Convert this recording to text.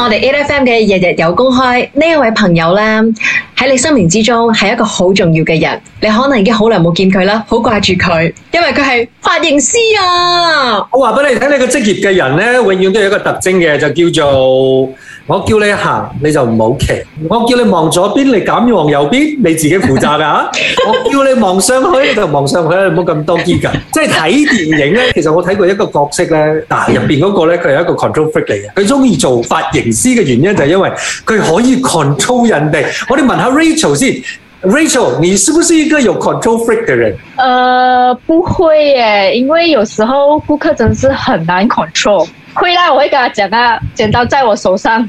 我哋 A F M 嘅日日有公開呢一位朋友呢，喺你生命之中係一個好重要嘅人，你可能已經好耐冇見佢啦，好掛住佢，因為佢係髮型師啊！我話俾你睇，你個職業嘅人咧，永遠都有一個特徵嘅，就叫做我叫你行你就唔好企，我叫你望左邊你敢望右邊，你自己負責噶。我叫你望上去就望上去，唔好咁當機噶。即係睇電影咧，其實我睇過一個角色咧，嗱入邊嗰個咧，佢係一個 control freak 嚟嘅，佢中意做髮型。唔知嘅原因就係因為佢可以 control 人哋，我哋問下 Rachel 先，Rachel，你是不是一個有 control freak 嘅人？呃，不會誒，因為有時候顧客真的是很難 control，會啦，我會跟他講啊，剪刀在我手上。